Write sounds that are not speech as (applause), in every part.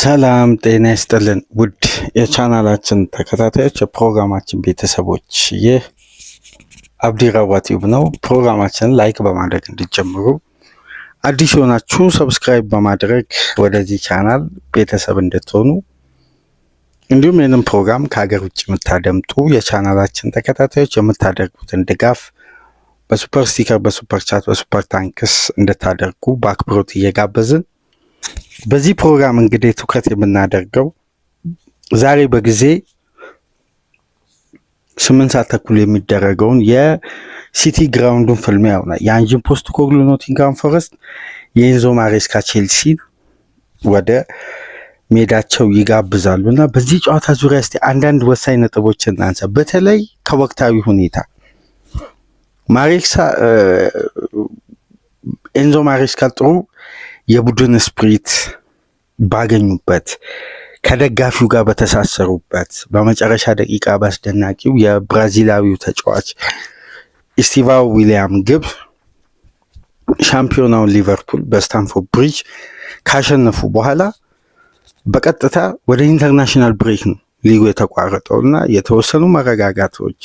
ሰላም ጤና ይስጥልን ውድ የቻናላችን ተከታታዮች፣ የፕሮግራማችን ቤተሰቦች ይህ አብዲ ረዋ ቲዩብ ነው። ፕሮግራማችንን ላይክ በማድረግ እንዲጀምሩ አዲስ የሆናችሁ ሰብስክራይብ በማድረግ ወደዚህ ቻናል ቤተሰብ እንድትሆኑ እንዲሁም ይህንን ፕሮግራም ከሀገር ውጭ የምታደምጡ የቻናላችን ተከታታዮች የምታደርጉትን ድጋፍ በሱፐር ስቲከር፣ በሱፐር ቻት፣ በሱፐር ታንክስ እንድታደርጉ በአክብሮት እየጋበዝን በዚህ ፕሮግራም እንግዲህ ትኩረት የምናደርገው ዛሬ በጊዜ ስምንት ሰዓት ተኩል የሚደረገውን የሲቲ ግራውንዱን ፍልሚያ ይሆናል። የአንጅን ፖስት ኮግሉ ኖቲንግሃም ፎረስት፣ የኢንዞ ማሬስካ ቼልሲ ወደ ሜዳቸው ይጋብዛሉ እና በዚህ ጨዋታ ዙሪያ እስቲ አንዳንድ ወሳኝ ነጥቦች እናንሳ። በተለይ ከወቅታዊ ሁኔታ ማሬክሳ ኤንዞ ማሬስካ ጥሩ የቡድን ስፕሪት ባገኙበት ከደጋፊው ጋር በተሳሰሩበት በመጨረሻ ደቂቃ ባስደናቂው የብራዚላዊው ተጫዋች ኢስቲቫ ዊሊያም ግብ ሻምፒዮናውን ሊቨርፑል በስታንፎርድ ብሪጅ ካሸነፉ በኋላ በቀጥታ ወደ ኢንተርናሽናል ብሬክ ነው ሊጉ የተቋረጠው እና የተወሰኑ መረጋጋቶች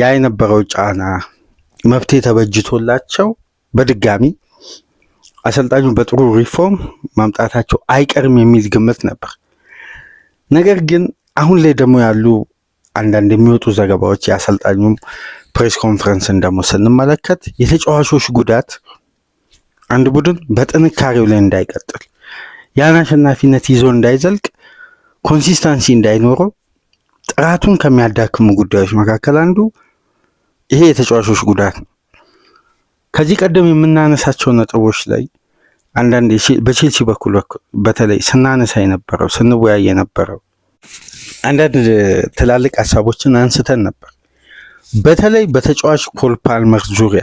ያ የነበረው ጫና መብቴ ተበጅቶላቸው በድጋሚ አሰልጣኙ በጥሩ ሪፎርም ማምጣታቸው አይቀርም የሚል ግምት ነበር። ነገር ግን አሁን ላይ ደግሞ ያሉ አንዳንድ የሚወጡ ዘገባዎች የአሰልጣኙም ፕሬስ ኮንፈረንስን ደግሞ ስንመለከት የተጫዋቾች ጉዳት አንድ ቡድን በጥንካሬው ላይ እንዳይቀጥል ያን አሸናፊነት ይዞ እንዳይዘልቅ ኮንሲስታንሲ እንዳይኖረው ጥራቱን ከሚያዳክሙ ጉዳዮች መካከል አንዱ ይሄ የተጫዋቾች ጉዳት ነው። ከዚህ ቀደም የምናነሳቸው ነጥቦች ላይ አንዳንድ በቼልሲ በኩል በተለይ ስናነሳ የነበረው ስንወያይ የነበረው አንዳንድ ትላልቅ ሀሳቦችን አንስተን ነበር። በተለይ በተጫዋች ኮል ፓልመር ዙሪያ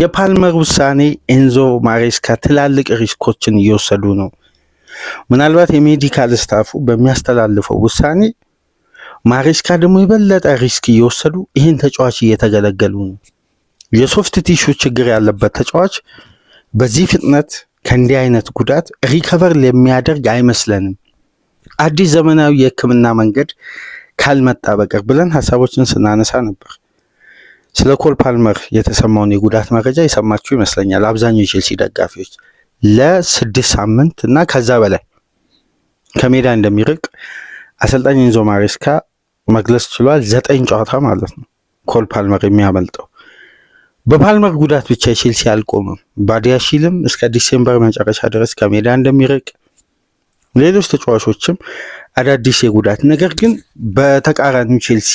የፓልመር ውሳኔ ኤንዞ ማሬስካ ትላልቅ ሪስኮችን እየወሰዱ ነው። ምናልባት የሜዲካል ስታፉ በሚያስተላልፈው ውሳኔ ማሬስካ ደግሞ የበለጠ ሪስክ እየወሰዱ ይህን ተጫዋች እየተገለገሉ ነው። የሶፍት ቲሹ ችግር ያለበት ተጫዋች በዚህ ፍጥነት ከእንዲህ አይነት ጉዳት ሪከቨር የሚያደርግ አይመስለንም። አዲስ ዘመናዊ የህክምና መንገድ ካልመጣ በቀር ብለን ሀሳቦችን ስናነሳ ነበር። ስለ ኮል ፓልመር የተሰማውን የጉዳት መረጃ የሰማችሁ ይመስለኛል። አብዛኛው የቼልሲ ደጋፊዎች ለስድስት ሳምንት እና ከዛ በላይ ከሜዳ እንደሚርቅ አሰልጣኝ ኢንዞ ማሬስካ መግለጽ ችሏል። ዘጠኝ ጨዋታ ማለት ነው ኮል ፓልመር የሚያመልጠው በፓልመር ጉዳት ብቻ ቼልሲ አልቆምም። ባዲያሺልም እስከ ዲሴምበር መጨረሻ ድረስ ከሜዳ እንደሚርቅ ሌሎች ተጫዋቾችም አዳዲስ የጉዳት ነገር ግን በተቃራኒው ቼልሲ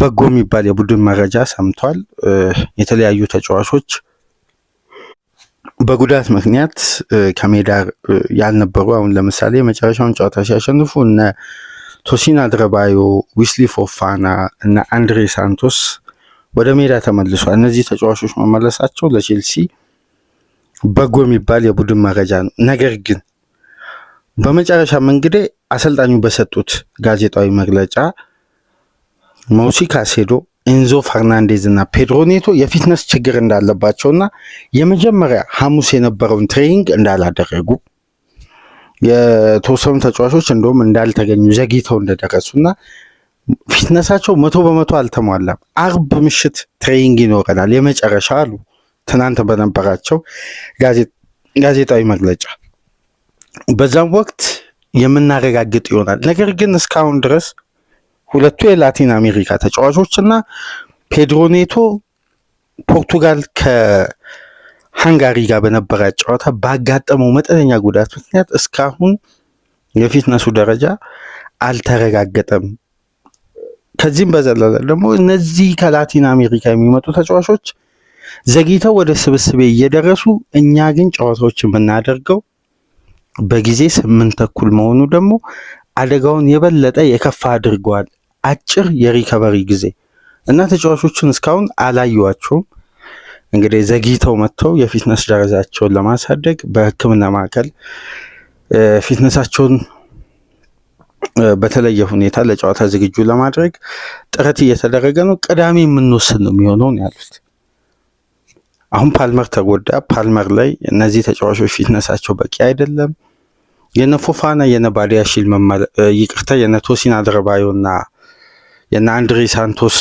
በጎ የሚባል የቡድን መረጃ ሰምቷል። የተለያዩ ተጫዋቾች በጉዳት ምክንያት ከሜዳ ያልነበሩ አሁን ለምሳሌ መጨረሻውን ጨዋታ ሲያሸንፉ እነ ቶሲን አድረባዮ፣ ዊስሊ ፎፋና እና አንድሬ ሳንቶስ ወደ ሜዳ ተመልሷል። እነዚህ ተጫዋቾች መመለሳቸው ለቼልሲ በጎ የሚባል የቡድን መረጃ ነው። ነገር ግን በመጨረሻም እንግዲህ አሰልጣኙ በሰጡት ጋዜጣዊ መግለጫ መውሲ ካሴዶ፣ ኤንዞ ፈርናንዴዝ እና ፔድሮ ኔቶ የፊትነስ ችግር እንዳለባቸው እና የመጀመሪያ ሐሙስ የነበረውን ትሬኒንግ እንዳላደረጉ የተወሰኑ ተጫዋቾች እንደውም እንዳልተገኙ ዘግይተው እና ፊትነሳቸው መቶ በመቶ አልተሟላም። አርብ ምሽት ትሬኒንግ ይኖረናል የመጨረሻ አሉ ትናንት በነበራቸው ጋዜጣዊ መግለጫ። በዛም ወቅት የምናረጋግጥ ይሆናል። ነገር ግን እስካሁን ድረስ ሁለቱ የላቲን አሜሪካ ተጫዋቾች እና ፔድሮ ኔቶ ፖርቱጋል ከሃንጋሪ ጋር በነበራት ጨዋታ ባጋጠመው መጠነኛ ጉዳት ምክንያት እስካሁን የፊትነሱ ደረጃ አልተረጋገጠም። ከዚህም በዘለለ ደግሞ እነዚህ ከላቲን አሜሪካ የሚመጡ ተጫዋቾች ዘግይተው ወደ ስብስቤ እየደረሱ እኛ ግን ጨዋታዎች የምናደርገው በጊዜ ስምንት ተኩል መሆኑ ደግሞ አደጋውን የበለጠ የከፋ አድርገዋል። አጭር የሪከቨሪ ጊዜ እና ተጫዋቾቹን እስካሁን አላዩዋቸውም። እንግዲህ ዘግይተው መጥተው የፊትነስ ደረጃቸውን ለማሳደግ በሕክምና ማዕከል ፊትነሳቸውን በተለየ ሁኔታ ለጨዋታ ዝግጁ ለማድረግ ጥረት እየተደረገ ነው። ቅዳሜ የምንወስን ነው የሚሆነው ያሉት። አሁን ፓልመር ተጎዳ። ፓልመር ላይ እነዚህ ተጫዋቾች ፊትነሳቸው በቂ አይደለም። የነ ፎፋና የነ ባዲያሺል ይቅርታ፣ የነ ቶሲን አድረባዮና የነ አንድሬ ሳንቶስ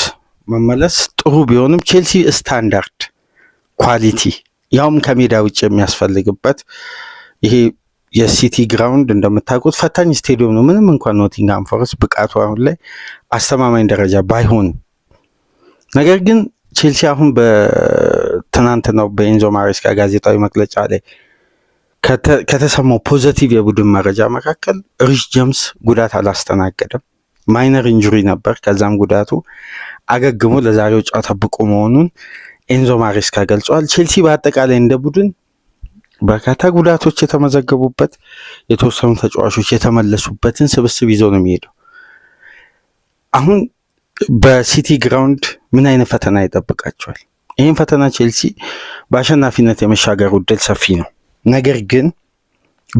መመለስ ጥሩ ቢሆንም ቼልሲ ስታንዳርድ ኳሊቲ ያውም ከሜዳ ውጭ የሚያስፈልግበት ይሄ የሲቲ ግራውንድ እንደምታውቁት ፈታኝ ስቴዲየም ነው። ምንም እንኳን ኖቲንግሃም ፎረስት ብቃቱ አሁን ላይ አስተማማኝ ደረጃ ባይሆን፣ ነገር ግን ቼልሲ አሁን በትናንትናው በኤንዞ ማሬስካ ጋዜጣዊ መግለጫ ላይ ከተሰማው ፖዘቲቭ የቡድን መረጃ መካከል ሪሽ ጀምስ ጉዳት አላስተናገደም። ማይነር ኢንጁሪ ነበር። ከዛም ጉዳቱ አገግሞ ለዛሬው ጨዋታ ብቁ መሆኑን ኤንዞ ማሬስካ ገልጸዋል። ቼልሲ በአጠቃላይ እንደ ቡድን በርካታ ጉዳቶች የተመዘገቡበት የተወሰኑ ተጫዋቾች የተመለሱበትን ስብስብ ይዘው ነው የሚሄደው። አሁን በሲቲ ግራውንድ ምን አይነት ፈተና ይጠብቃቸዋል? ይህን ፈተና ቼልሲ በአሸናፊነት የመሻገር ዕድል ሰፊ ነው። ነገር ግን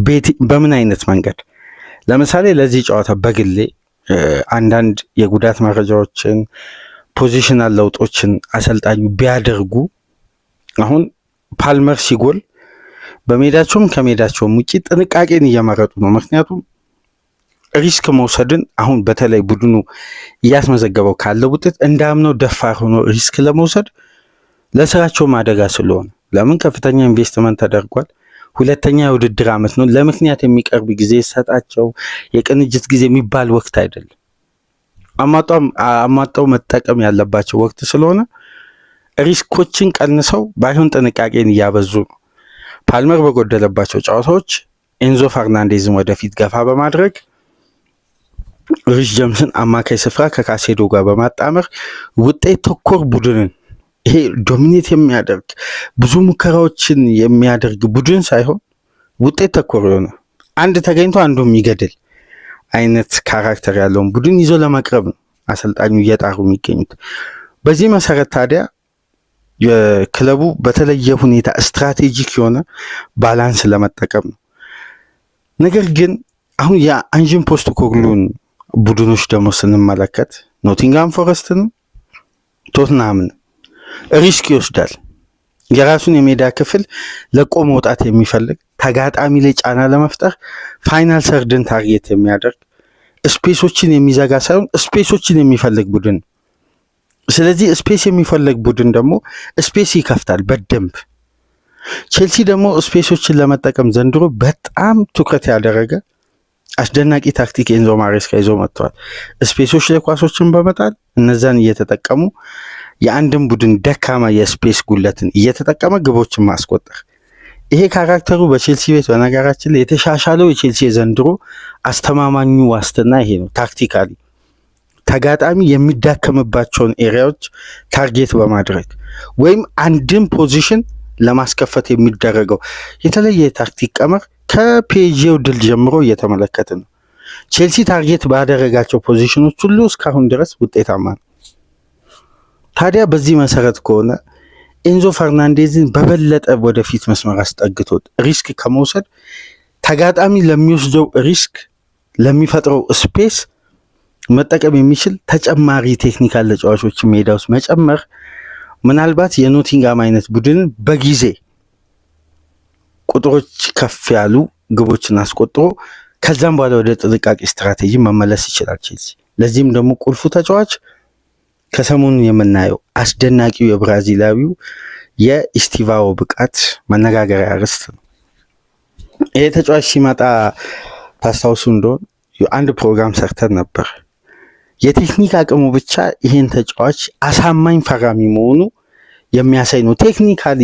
ቤት በምን አይነት መንገድ ለምሳሌ ለዚህ ጨዋታ በግሌ አንዳንድ የጉዳት መረጃዎችን ፖዚሽናል ለውጦችን አሰልጣኙ ቢያደርጉ አሁን ፓልመር ሲጎል በሜዳቸውም ከሜዳቸውም ውጭ ጥንቃቄን እየመረጡ ነው። ምክንያቱም ሪስክ መውሰድን አሁን በተለይ ቡድኑ እያስመዘገበው ካለ ውጤት እንዳምነው ደፋር ሆኖ ሪስክ ለመውሰድ ለስራቸውም አደጋ ስለሆነ ለምን ከፍተኛ ኢንቨስትመንት ተደርጓል። ሁለተኛ የውድድር ዓመት ነው። ለምክንያት የሚቀርብ ጊዜ ሰጣቸው የቅንጅት ጊዜ የሚባል ወቅት አይደለም። አማጣው መጠቀም ያለባቸው ወቅት ስለሆነ ሪስኮችን ቀንሰው ባይሆን ጥንቃቄን እያበዙ ነው። ፓልመር በጎደለባቸው ጨዋታዎች ኤንዞ ፈርናንዴዝን ወደፊት ገፋ በማድረግ ሪሽ ጀምስን አማካይ ስፍራ ከካሴዶ ጋር በማጣመር ውጤት ተኮር ቡድንን ይሄ ዶሚኔት የሚያደርግ ብዙ ሙከራዎችን የሚያደርግ ቡድን ሳይሆን ውጤት ተኮር የሆነ አንድ ተገኝቶ አንዱ የሚገድል አይነት ካራክተር ያለውን ቡድን ይዞ ለመቅረብ ነው አሰልጣኙ እየጣሩ የሚገኙት። በዚህ መሰረት ታዲያ የክለቡ በተለየ ሁኔታ ስትራቴጂክ የሆነ ባላንስ ለመጠቀም ነው። ነገር ግን አሁን የአንዥን ፖስት ኮግሉን ቡድኖች ደግሞ ስንመለከት ኖቲንጋም ፎረስትንም ቶትናምን ሪስክ ይወስዳል። የራሱን የሜዳ ክፍል ለቆ መውጣት የሚፈልግ ተጋጣሚ ላይ ጫና ለመፍጠር ፋይናል ሰርድን ታርጌት የሚያደርግ ስፔሶችን የሚዘጋ ሳይሆን ስፔሶችን የሚፈልግ ቡድን ስለዚህ ስፔስ የሚፈለግ ቡድን ደግሞ ስፔስ ይከፍታል በደንብ። ቼልሲ ደግሞ ስፔሶችን ለመጠቀም ዘንድሮ በጣም ትኩረት ያደረገ አስደናቂ ታክቲክ ኤንዞ ማሬስካ ይዞ መጥተዋል። ስፔሶች ለኳሶችን በመጣል እነዛን እየተጠቀሙ የአንድን ቡድን ደካማ የስፔስ ጉለትን እየተጠቀመ ግቦችን ማስቆጠር። ይሄ ካራክተሩ በቼልሲ ቤት በነገራችን ላይ የተሻሻለው የቼልሲ ዘንድሮ አስተማማኙ ዋስትና ይሄ ነው ታክቲካሊ ተጋጣሚ የሚዳከምባቸውን ኤሪያዎች ታርጌት በማድረግ ወይም አንድን ፖዚሽን ለማስከፈት የሚደረገው የተለየ የታክቲክ ቀመር ከፔጄው ድል ጀምሮ እየተመለከት ነው። ቼልሲ ታርጌት ባደረጋቸው ፖዚሽኖች ሁሉ እስካሁን ድረስ ውጤታማ ነው። ታዲያ በዚህ መሰረት ከሆነ ኤንዞ ፈርናንዴዝን በበለጠ ወደፊት መስመር አስጠግቶት ሪስክ ከመውሰድ ተጋጣሚ ለሚወስደው ሪስክ ለሚፈጥረው ስፔስ መጠቀም የሚችል ተጨማሪ ቴክኒካል ተጫዋቾችን ሜዳ ውስጥ መጨመር ምናልባት የኖቲንጋም አይነት ቡድን በጊዜ ቁጥሮች ከፍ ያሉ ግቦችን አስቆጥሮ ከዛም በኋላ ወደ ጥንቃቄ ስትራቴጂ መመለስ ይችላል ቼልሲ። ለዚህም ደግሞ ቁልፉ ተጫዋች ከሰሞኑ የምናየው አስደናቂው የብራዚላዊው የኢስቲቫኦ ብቃት መነጋገሪያ ርዕስ ነው። ይሄ ተጫዋች ሲመጣ ታስታውሱ እንደሆን አንድ ፕሮግራም ሰርተን ነበር። የቴክኒክ አቅሙ ብቻ ይሄን ተጫዋች አሳማኝ ፈራሚ መሆኑ የሚያሳይ ነው ቴክኒካሊ።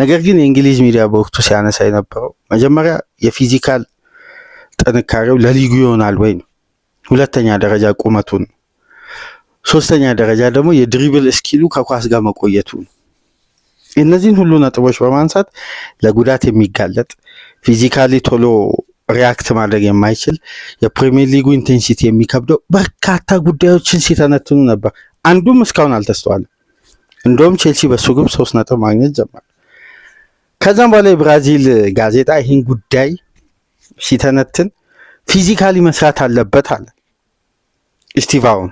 ነገር ግን የእንግሊዝ ሚዲያ በወቅቱ ሲያነሳ የነበረው መጀመሪያ የፊዚካል ጥንካሬው ለሊጉ ይሆናል ወይ ነው። ሁለተኛ ደረጃ ቁመቱን፣ ሶስተኛ ደረጃ ደግሞ የድሪብል እስኪሉ ከኳስ ጋር መቆየቱ እነዚህን ሁሉ ነጥቦች በማንሳት ለጉዳት የሚጋለጥ ፊዚካሊ ቶሎ ሪያክት ማድረግ የማይችል የፕሪሚየር ሊጉ ኢንቴንሲቲ የሚከብደው በርካታ ጉዳዮችን ሲተነትኑ ነበር። አንዱም እስካሁን አልተስተዋልም። እንደውም ቼልሲ በሱ ግብ ሶስት ነጥብ ማግኘት ጀመረ። ከዛም በኋላ የብራዚል ጋዜጣ ይህን ጉዳይ ሲተነትን ፊዚካሊ መስራት አለበት አለ ስቲቫውን።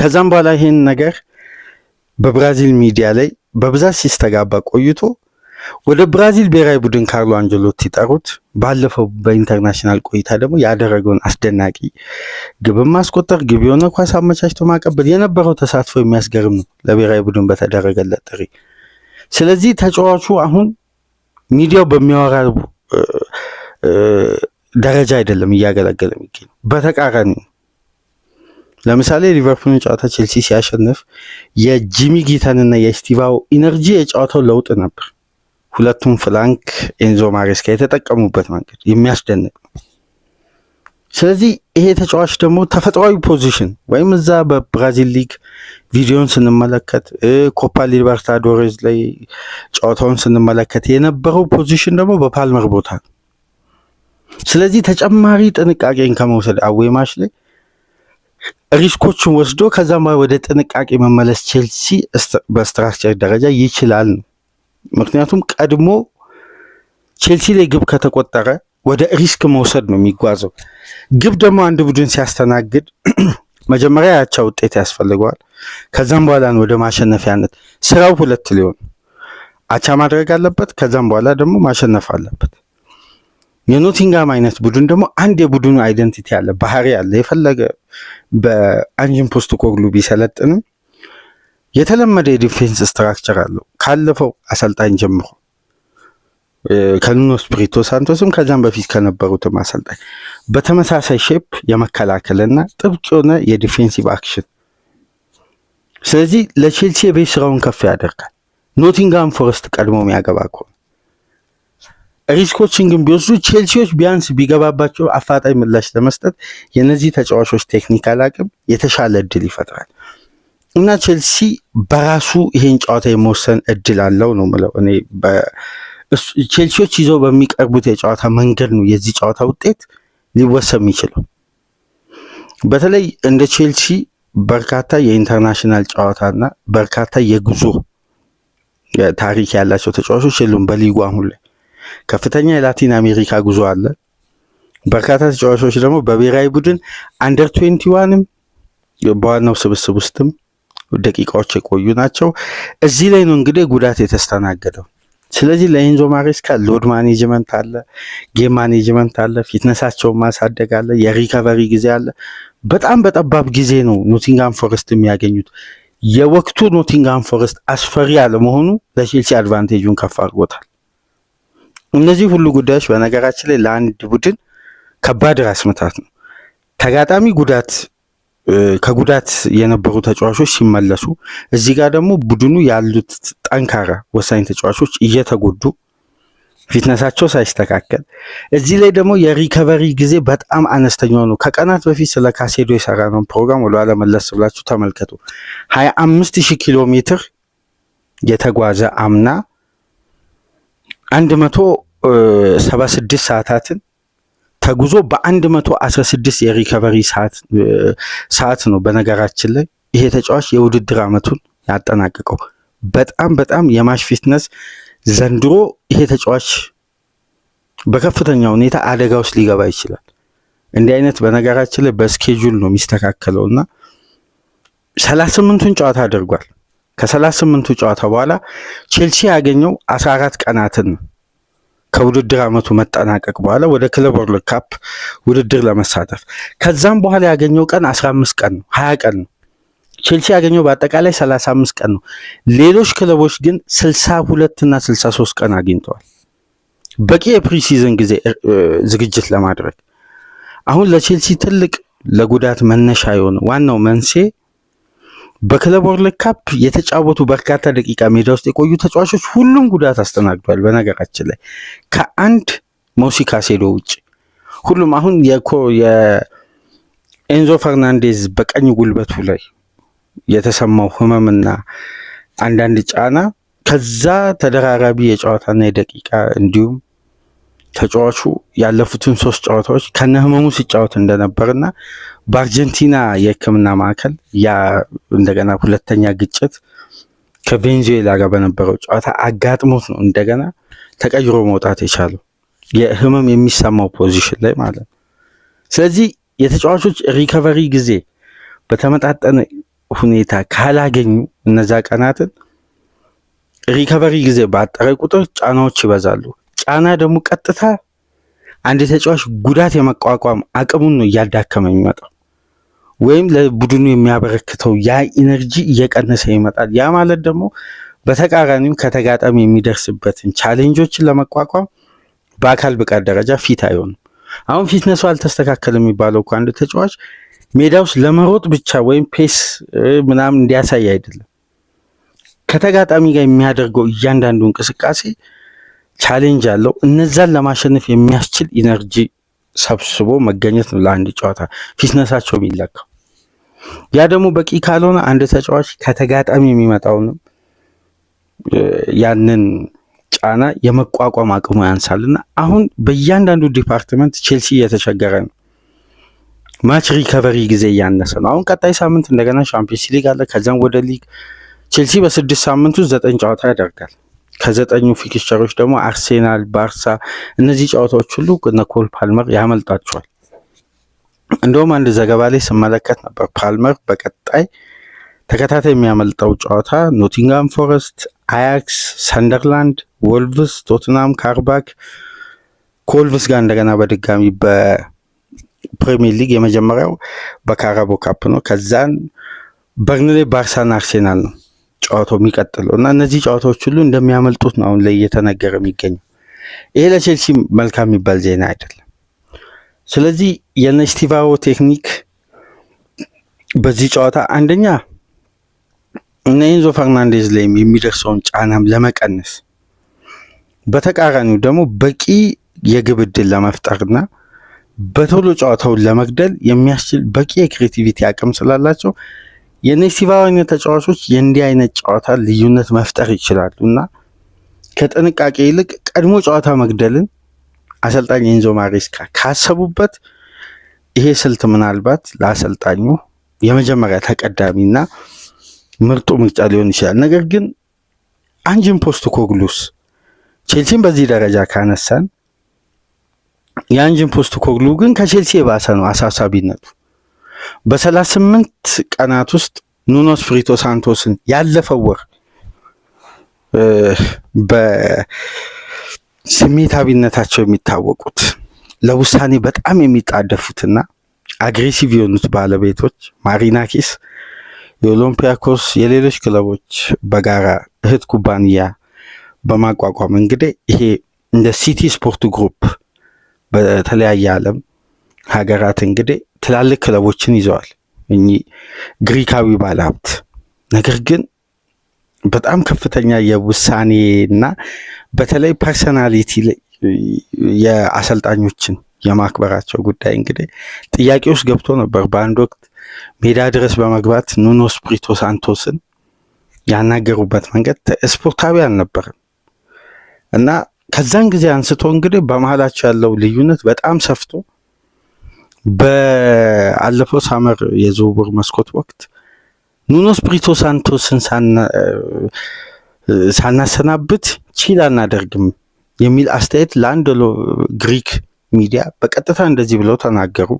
ከዛም በኋላ ይህን ነገር በብራዚል ሚዲያ ላይ በብዛት ሲስተጋባ ቆይቶ ወደ ብራዚል ብሔራዊ ቡድን ካርሎ አንጀሎት ሲጠሩት ባለፈው በኢንተርናሽናል ቆይታ ደግሞ ያደረገውን አስደናቂ ግብ ማስቆጠር፣ ግብ የሆነ ኳስ አመቻችቶ ማቀበል የነበረው ተሳትፎ የሚያስገርም ነው ለብሔራዊ ቡድን በተደረገለት ጥሪ። ስለዚህ ተጫዋቹ አሁን ሚዲያው በሚያወራ ደረጃ አይደለም እያገለገለ የሚገኝ በተቃራኒ ለምሳሌ ሊቨርፑልን ጨዋታ ቼልሲ ሲያሸንፍ የጂሚ ጊተንና የስቲቫው ኢነርጂ የጨዋታው ለውጥ ነበር። ሁለቱም ፍላንክ ኤንዞ ማሬስካ የተጠቀሙበት መንገድ የሚያስደንቅ ነው። ስለዚህ ይሄ ተጫዋች ደግሞ ተፈጥሯዊ ፖዚሽን ወይም እዛ በብራዚል ሊግ ቪዲዮን ስንመለከት ኮፓ ሊበርታዶሬዝ ላይ ጨዋታውን ስንመለከት የነበረው ፖዚሽን ደግሞ በፓልመር ቦታ ነው። ስለዚህ ተጨማሪ ጥንቃቄን ከመውሰድ አዌማሽ ላይ ሪስኮችን ወስዶ ከዛም ወደ ጥንቃቄ መመለስ ቼልሲ በስትራክቸር ደረጃ ይችላል ነው። ምክንያቱም ቀድሞ ቼልሲ ላይ ግብ ከተቆጠረ ወደ ሪስክ መውሰድ ነው የሚጓዘው። ግብ ደግሞ አንድ ቡድን ሲያስተናግድ (clears throat) መጀመሪያ ያቻ ውጤት ያስፈልገዋል። ከዛም በኋላ ወደ ማሸነፊያነት ስራው ሁለት ሊሆን አቻ ማድረግ አለበት። ከዛም በኋላ ደግሞ ማሸነፍ አለበት። የኖቲንጋም አይነት ቡድን ደግሞ አንድ የቡድኑ አይደንቲቲ አለ፣ ባህሪ አለ። የፈለገ በአንጅን ፖስት ኮግሉ ቢሰለጥንም የተለመደ የዲፌንስ ስትራክቸር አለው ካለፈው አሰልጣኝ ጀምሮ ከኑኖ ስፕሪቶ ሳንቶስም ከዛም በፊት ከነበሩትም አሰልጣኝ በተመሳሳይ ሼፕ የመከላከልና ጥብቅ የሆነ የዲፌንሲቭ አክሽን። ስለዚህ ለቼልሲ የቤት ስራውን ከፍ ያደርጋል። ኖቲንግሃም ፎረስት ቀድሞ የሚያገባ ከሆነ ሪስኮችን ግን ቢወስዱ ቼልሲዎች ቢያንስ ቢገባባቸው አፋጣኝ ምላሽ ለመስጠት የነዚህ ተጫዋቾች ቴክኒካል አቅም የተሻለ እድል ይፈጥራል። እና ቼልሲ በራሱ ይሄን ጨዋታ የመወሰን እድል አለው ነው ምለው እኔ ቼልሲዎች ይዘው በሚቀርቡት የጨዋታ መንገድ ነው የዚህ ጨዋታ ውጤት ሊወሰን የሚችለው። በተለይ እንደ ቼልሲ በርካታ የኢንተርናሽናል ጨዋታና በርካታ የጉዞ ታሪክ ያላቸው ተጫዋቾች የሉም። በሊጉ አሁን ላይ ከፍተኛ የላቲን አሜሪካ ጉዞ አለ። በርካታ ተጫዋቾች ደግሞ በብሔራዊ ቡድን አንደር ትዌንቲ ዋንም በዋናው ስብስብ ውስጥም ደቂቃዎች የቆዩ ናቸው። እዚህ ላይ ነው እንግዲህ ጉዳት የተስተናገደው። ስለዚህ ለኤንዞ ማሬስካ ሎድ ማኔጅመንት አለ፣ ጌም ማኔጅመንት አለ፣ ፊትነሳቸውን ማሳደግ አለ፣ የሪከቨሪ ጊዜ አለ። በጣም በጠባብ ጊዜ ነው ኖቲንጋም ፎረስት የሚያገኙት። የወቅቱ ኖቲንጋም ፎረስት አስፈሪ አለመሆኑ ለቼልሲ አድቫንቴጁን ከፍ አድርጎታል። እነዚህ ሁሉ ጉዳዮች በነገራችን ላይ ለአንድ ቡድን ከባድ ራስ ምታት ነው። ተጋጣሚ ጉዳት ከጉዳት የነበሩ ተጫዋቾች ሲመለሱ፣ እዚህ ጋር ደግሞ ቡድኑ ያሉት ጠንካራ ወሳኝ ተጫዋቾች እየተጎዱ ፊትነሳቸው ሳይስተካከል እዚህ ላይ ደግሞ የሪከቨሪ ጊዜ በጣም አነስተኛው ነው። ከቀናት በፊት ስለ ካሴዶ የሰራነውን ፕሮግራም ወደኋላ መለስ ብላችሁ ተመልከቱ። ሀያ አምስት ሺህ ኪሎ ሜትር የተጓዘ አምና አንድ መቶ ሰባ ስድስት ሰዓታትን ተጉዞ በ116 የሪከቨሪ ሰዓት ነው። በነገራችን ላይ ይሄ ተጫዋች የውድድር ዓመቱን ያጠናቀቀው በጣም በጣም የማሽ ፊትነስ ዘንድሮ ይሄ ተጫዋች በከፍተኛ ሁኔታ አደጋ ውስጥ ሊገባ ይችላል። እንዲህ አይነት በነገራችን ላይ በስኬጁል ነው የሚስተካከለው እና ሰላሳ ስምንቱን ጨዋታ አድርጓል። ከሰላሳ ስምንቱ ጨዋታ በኋላ ቼልሲ ያገኘው አስራ አራት ቀናትን ነው። ከውድድር ዓመቱ መጠናቀቅ በኋላ ወደ ክለብ ወርልድ ካፕ ውድድር ለመሳተፍ ከዛም በኋላ ያገኘው ቀን 15 ቀን ነው፣ 20 ቀን ነው። ቼልሲ ያገኘው በአጠቃላይ 35 ቀን ነው። ሌሎች ክለቦች ግን 62 እና 63 ቀን አግኝተዋል፣ በቂ የፕሪሲዝን ጊዜ ዝግጅት ለማድረግ። አሁን ለቼልሲ ትልቅ ለጉዳት መነሻ የሆነ ዋናው መንስኤ በክለብ ወርልድ ካፕ የተጫወቱ በርካታ ደቂቃ ሜዳ ውስጥ የቆዩ ተጫዋቾች ሁሉም ጉዳት አስተናግዷል። በነገራችን ላይ ከአንድ ሞሲ ካሴዶ ውጭ ሁሉም አሁን የኤንዞ ፈርናንዴዝ በቀኝ ጉልበቱ ላይ የተሰማው ህመምና አንዳንድ ጫና ከዛ ተደራራቢ የጨዋታና የደቂቃ እንዲሁም ተጫዋቹ ያለፉትን ሶስት ጨዋታዎች ከነህመሙ ሲጫወት እንደነበርና በአርጀንቲና የሕክምና ማዕከል ያ እንደገና ሁለተኛ ግጭት ከቬንዙዌላ ጋር በነበረው ጨዋታ አጋጥሞት ነው እንደገና ተቀይሮ መውጣት የቻለው የህመም የሚሰማው ፖዚሽን ላይ ማለት ነው። ስለዚህ የተጫዋቾች ሪከቨሪ ጊዜ በተመጣጠነ ሁኔታ ካላገኙ እነዛ ቀናትን ሪከቨሪ ጊዜ ባጠረ ቁጥር ጫናዎች ይበዛሉ። ጫና ደግሞ ቀጥታ አንድ ተጫዋች ጉዳት የመቋቋም አቅሙን ነው እያዳከመ የሚመጣው ወይም ለቡድኑ የሚያበረክተው ያ ኢነርጂ እየቀነሰ ይመጣል። ያ ማለት ደግሞ በተቃራኒም ከተጋጣሚ የሚደርስበትን ቻሌንጆችን ለመቋቋም በአካል ብቃት ደረጃ ፊት አይሆንም። አሁን ፊትነሱ አልተስተካከል የሚባለው እኮ አንድ ተጫዋች ሜዳ ውስጥ ለመሮጥ ብቻ ወይም ፔስ ምናምን እንዲያሳይ አይደለም። ከተጋጣሚ ጋር የሚያደርገው እያንዳንዱ እንቅስቃሴ ቻሌንጅ ያለው እነዛን ለማሸነፍ የሚያስችል ኢነርጂ ሰብስቦ መገኘት ነው ለአንድ ጨዋታ ፊትነሳቸው የሚለካው። ያ ደግሞ በቂ ካልሆነ አንድ ተጫዋች ከተጋጣሚ የሚመጣውንም ያንን ጫና የመቋቋም አቅሙ ያንሳልና አሁን በእያንዳንዱ ዲፓርትመንት ቼልሲ እየተቸገረ ነው። ማች ሪከቨሪ ጊዜ እያነሰ ነው። አሁን ቀጣይ ሳምንት እንደገና ሻምፒዮንስ ሊግ አለ፣ ከዚያም ወደ ሊግ ቼልሲ በስድስት ሳምንት ውስጥ ዘጠኝ ጨዋታ ያደርጋል። ከዘጠኙ ፊክስቸሮች ደግሞ አርሴናል፣ ባርሳ እነዚህ ጨዋታዎች ሁሉ እነ ኮል ፓልመር ያመልጣቸዋል። እንደውም አንድ ዘገባ ላይ ስመለከት ነበር ፓልመር በቀጣይ ተከታታይ የሚያመልጠው ጨዋታ ኖቲንጋም ፎረስት፣ አያክስ፣ ሰንደርላንድ፣ ወልቭስ፣ ቶትናም፣ ካርባክ ኮልቭስ ጋር እንደገና በድጋሚ በፕሪሚየር ሊግ የመጀመሪያው በካራቦ ካፕ ነው። ከዛን በርንሌ፣ ባርሳና አርሴናል ነው። ጨዋታው የሚቀጥለው እና እነዚህ ጨዋታዎች ሁሉ እንደሚያመልጡት ነው አሁን ላይ እየተነገረ የሚገኘው። ይሄ ለቼልሲ መልካም የሚባል ዜና አይደለም። ስለዚህ የነስቲቫሮ ቴክኒክ በዚህ ጨዋታ አንደኛ እነ ፈርናንዴዝ ላይም የሚደርሰውን ጫናም ለመቀነስ በተቃራኒው ደግሞ በቂ የግብ ዕድል ለመፍጠርና በቶሎ ጨዋታውን ለመግደል የሚያስችል በቂ የክሬቲቪቲ አቅም ስላላቸው የኔሲቫው አይነት ተጫዋቾች የእንዲህ አይነት ጨዋታ ልዩነት መፍጠር ይችላሉ እና ከጥንቃቄ ይልቅ ቀድሞ ጨዋታ መግደልን አሰልጣኝ ኤንዞ ማሬስካ ካሰቡበት ይሄ ስልት ምናልባት ለአሰልጣኙ የመጀመሪያ ተቀዳሚና ምርጡ ምርጫ ሊሆን ይችላል። ነገር ግን አንጅን ፖስት ኮግሉስ ቼልሲን በዚህ ደረጃ ካነሳን የአንጅን ፖስት ኮግሉ ግን ከቼልሲ የባሰ ነው አሳሳቢነቱ። በሰላሳ ስምንት ቀናት ውስጥ ኑኖ ስፕሪቶ ሳንቶስን ያለፈው ወር በስሜታዊነታቸው የሚታወቁት ለውሳኔ በጣም የሚጣደፉትና አግሬሲቭ የሆኑት ባለቤቶች ማሪናኪስ የኦሎምፒያኮስ የሌሎች ክለቦች በጋራ እህት ኩባንያ በማቋቋም እንግዲህ ይሄ እንደ ሲቲ ስፖርት ግሩፕ በተለያየ ዓለም ሀገራት እንግዲህ ትላልቅ ክለቦችን ይዘዋል እኚህ ግሪካዊ ባለሀብት። ነገር ግን በጣም ከፍተኛ የውሳኔና በተለይ ፐርሰናሊቲ የአሰልጣኞችን የማክበራቸው ጉዳይ እንግዲህ ጥያቄ ውስጥ ገብቶ ነበር። በአንድ ወቅት ሜዳ ድረስ በመግባት ኑኖ ስፕሪቶ ሳንቶስን ያናገሩበት መንገድ ስፖርታዊ አልነበርም እና ከዛን ጊዜ አንስቶ እንግዲህ በመሀላቸው ያለው ልዩነት በጣም ሰፍቶ በአለፈው ሳመር የዝውውር መስኮት ወቅት ኑኖ ስፕሪቶ ሳንቶስን ሳናሰናብት ቺል አናደርግም የሚል አስተያየት ለአንድ ግሪክ ሚዲያ በቀጥታ እንደዚህ ብለው ተናገሩ።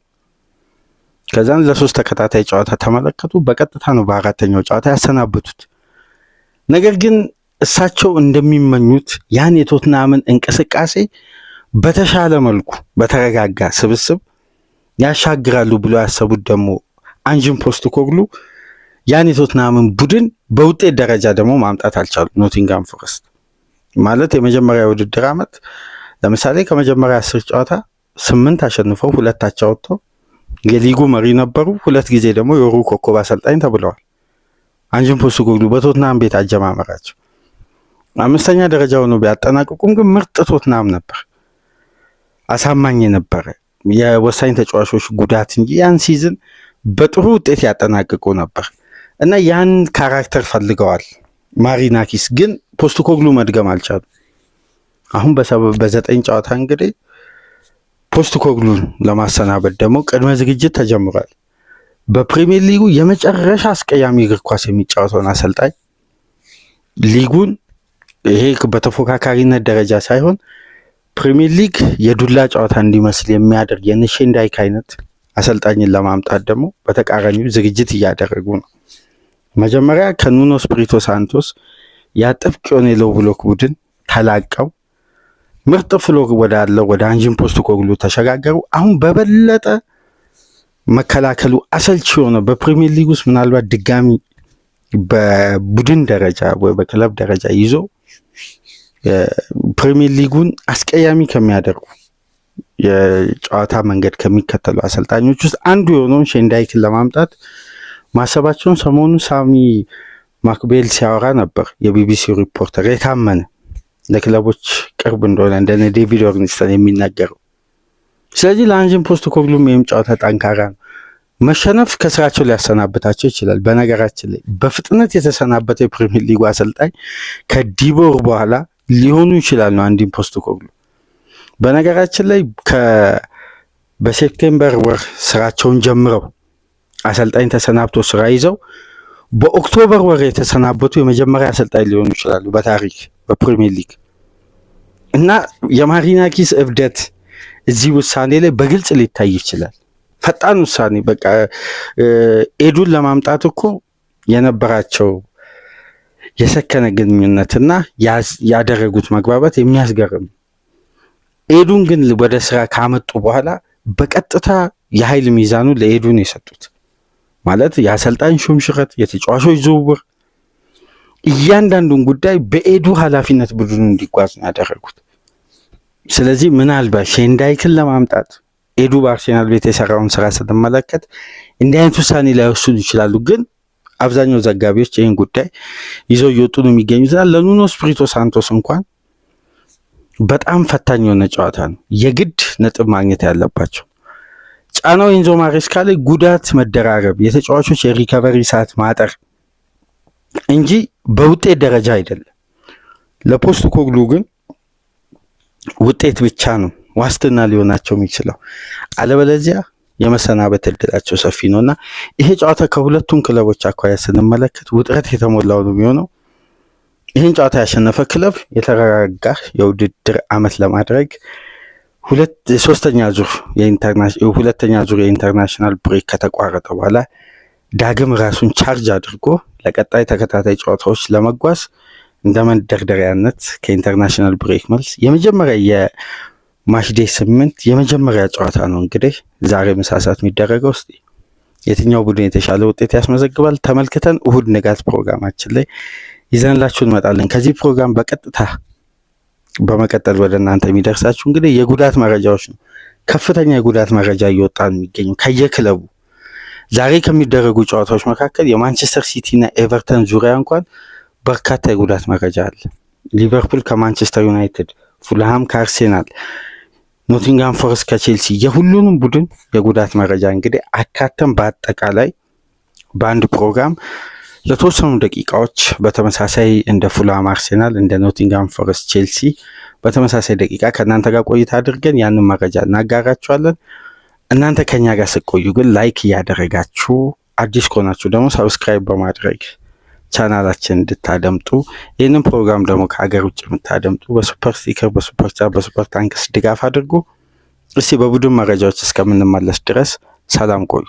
ከዛን ለሶስት ተከታታይ ጨዋታ ተመለከቱ። በቀጥታ ነው በአራተኛው ጨዋታ ያሰናብቱት። ነገር ግን እሳቸው እንደሚመኙት ያን የቶትናምን እንቅስቃሴ በተሻለ መልኩ በተረጋጋ ስብስብ ያሻግራሉ ብሎ ያሰቡት ደግሞ አንጅን ኮግሉ ያን የቶትናምን ቡድን በውጤት ደረጃ ደግሞ ማምጣት አልቻሉ። ኖቲንጋም ፎረስት ማለት የመጀመሪያ ውድድር ዓመት ለምሳሌ ከመጀመሪያ አስር ጨዋታ ስምንት አሸንፈው ሁለት አቻ ወጥተው የሊጉ መሪ ነበሩ። ሁለት ጊዜ ደግሞ የወሩ ኮከብ አሰልጣኝ ተብለዋል። አንጅን ኮግሉ በቶትናም ቤት አጀማመራቸው አምስተኛ ደረጃ ሆኖ ቢያጠናቅቁም ግን ምርጥ ቶትናም ነበር፣ አሳማኝ ነበረ። የወሳኝ ተጫዋቾች ጉዳት እንጂ ያን ሲዝን በጥሩ ውጤት ያጠናቅቁ ነበር እና ያን ካራክተር ፈልገዋል። ማሪናኪስ ግን ፖስተኮግሉ መድገም አልቻሉ። አሁን በዘጠኝ ጨዋታ እንግዲህ ፖስትኮግሉን ለማሰናበድ ደግሞ ቅድመ ዝግጅት ተጀምሯል። በፕሪሚየር ሊጉ የመጨረሻ አስቀያሚ እግር ኳስ የሚጫወተውን አሰልጣኝ ሊጉን ይሄ በተፎካካሪነት ደረጃ ሳይሆን ፕሪሚየር ሊግ የዱላ ጨዋታ እንዲመስል የሚያደርግ የነሽን ዳይክ አይነት አሰልጣኝን ለማምጣት ደግሞ በተቃራኒው ዝግጅት እያደረጉ ነው። መጀመሪያ ከኑኖ ስፕሪቶ ሳንቶስ የጥብቅ የሆነ የሎው ብሎክ ቡድን ተላቀው ምርጥ ፍሎር ወዳለው ወደ አንጂን ፖስት ኮግሉ ተሸጋገሩ። አሁን በበለጠ መከላከሉ አሰልቺ የሆነ በፕሪሚየር ሊግ ውስጥ ምናልባት ድጋሚ በቡድን ደረጃ ወይ በክለብ ደረጃ ይዞ ፕሪሚየር ሊጉን አስቀያሚ ከሚያደርጉ የጨዋታ መንገድ ከሚከተሉ አሰልጣኞች ውስጥ አንዱ የሆነውን ሼንዳይክን ለማምጣት ማሰባቸውን ሰሞኑን ሳሚ ማክቤል ሲያወራ ነበር። የቢቢሲ ሪፖርተር የታመነ ለክለቦች ቅርብ እንደሆነ እንደነ ዴቪድ ኦርኒስተን የሚናገረው። ስለዚህ ለአንጅን ፖስት ኮግሉም ይህም ጨዋታ ጠንካራ ነው። መሸነፍ ከስራቸው ሊያሰናብታቸው ይችላል። በነገራችን ላይ በፍጥነት የተሰናበተው የፕሪሚየር ሊጉ አሰልጣኝ ከዲቦር በኋላ ሊሆኑ ይችላሉ። አንድ ፖስተኮግሉ በነገራችን ላይ በሴፕቴምበር ወር ስራቸውን ጀምረው አሰልጣኝ ተሰናብቶ ስራ ይዘው በኦክቶበር ወር የተሰናበቱ የመጀመሪያ አሰልጣኝ ሊሆኑ ይችላሉ በታሪክ በፕሪሚየር ሊግ እና የማሪናኪስ እብደት እዚህ ውሳኔ ላይ በግልጽ ሊታይ ይችላል። ፈጣን ውሳኔ በቃ ኤዱን ለማምጣት እኮ የነበራቸው የሰከነ ግንኙነትና ያደረጉት መግባባት የሚያስገርም ኤዱን ግን ወደ ስራ ካመጡ በኋላ በቀጥታ የኃይል ሚዛኑ ለኤዱን የሰጡት። ማለት የአሰልጣኝ ሹምሽረት፣ የተጫዋቾች ዝውውር፣ እያንዳንዱን ጉዳይ በኤዱ ኃላፊነት ቡድኑ እንዲጓዝ ነው ያደረጉት። ስለዚህ ምናልባት ሼንዳይክን ለማምጣት ኤዱ በአርሴናል ቤት የሰራውን ስራ ስንመለከት እንዲህ አይነት ውሳኔ ላይወስኑ ይችላሉ ግን አብዛኛው ዘጋቢዎች ይህን ጉዳይ ይዘው እየወጡ ነው የሚገኙት። ለኑኖ ስፕሪቶ ሳንቶስ እንኳን በጣም ፈታኝ የሆነ ጨዋታ ነው። የግድ ነጥብ ማግኘት ያለባቸው ጫናው ኢንዞ ማሬስካ ላይ ጉዳት መደራረብ፣ የተጫዋቾች የሪከቨሪ ሰዓት ማጠር እንጂ በውጤት ደረጃ አይደለም። ለፖስት ኮግሉ ግን ውጤት ብቻ ነው ዋስትና ሊሆናቸው የሚችለው አለበለዚያ የመሰናበት እድላቸው ሰፊ ነው እና ይሄ ጨዋታ ከሁለቱም ክለቦች አኳያ ስንመለከት ውጥረት የተሞላው ነው የሚሆነው። ይህን ጨዋታ ያሸነፈ ክለብ የተረጋጋ የውድድር አመት ለማድረግ ሶስተኛ ዙር ሁለተኛ ዙር የኢንተርናሽናል ብሬክ ከተቋረጠ በኋላ ዳግም ራሱን ቻርጅ አድርጎ ለቀጣይ ተከታታይ ጨዋታዎች ለመጓዝ እንደ መንደርደሪያነት ከኢንተርናሽናል ብሬክ መልስ የመጀመሪያ ማሽዴ ስምንት የመጀመሪያ ጨዋታ ነው እንግዲህ ዛሬ ምሳ ሰዓት የሚደረገው። እስቲ የትኛው ቡድን የተሻለ ውጤት ያስመዘግባል ተመልክተን እሁድ ንጋት ፕሮግራማችን ላይ ይዘንላችሁ እንመጣለን። ከዚህ ፕሮግራም በቀጥታ በመቀጠል ወደ እናንተ የሚደርሳችሁ እንግዲህ የጉዳት መረጃዎች ነው። ከፍተኛ የጉዳት መረጃ እየወጣ ነው የሚገኘው ከየክለቡ። ዛሬ ከሚደረጉ ጨዋታዎች መካከል የማንቸስተር ሲቲ እና ኤቨርተን ዙሪያ እንኳን በርካታ የጉዳት መረጃ አለ። ሊቨርፑል ከማንቸስተር ዩናይትድ፣ ፉልሃም ከአርሴናል ኖቲንጋም ፎረስት ከቼልሲ የሁሉንም ቡድን የጉዳት መረጃ እንግዲህ አካተን በአጠቃላይ በአንድ ፕሮግራም ለተወሰኑ ደቂቃዎች በተመሳሳይ እንደ ፉላም፣ አርሴናል፣ እንደ ኖቲንጋም ፎረስት፣ ቼልሲ በተመሳሳይ ደቂቃ ከእናንተ ጋር ቆይታ አድርገን ያንን መረጃ እናጋራችኋለን። እናንተ ከኛ ጋር ስቆዩ ግን ላይክ እያደረጋችሁ አዲስ ከሆናችሁ ደግሞ ሰብስክራይብ በማድረግ ቻናላችን እንድታደምጡ ይህንን ፕሮግራም ደግሞ ከሀገር ውጭ የምታደምጡ በሱፐር ስቲከር፣ በሱፐር ቻ፣ በሱፐር ታንክስ ድጋፍ አድርጉ። እስቲ በቡድን መረጃዎች እስከምንመለስ ድረስ ሰላም ቆዩ።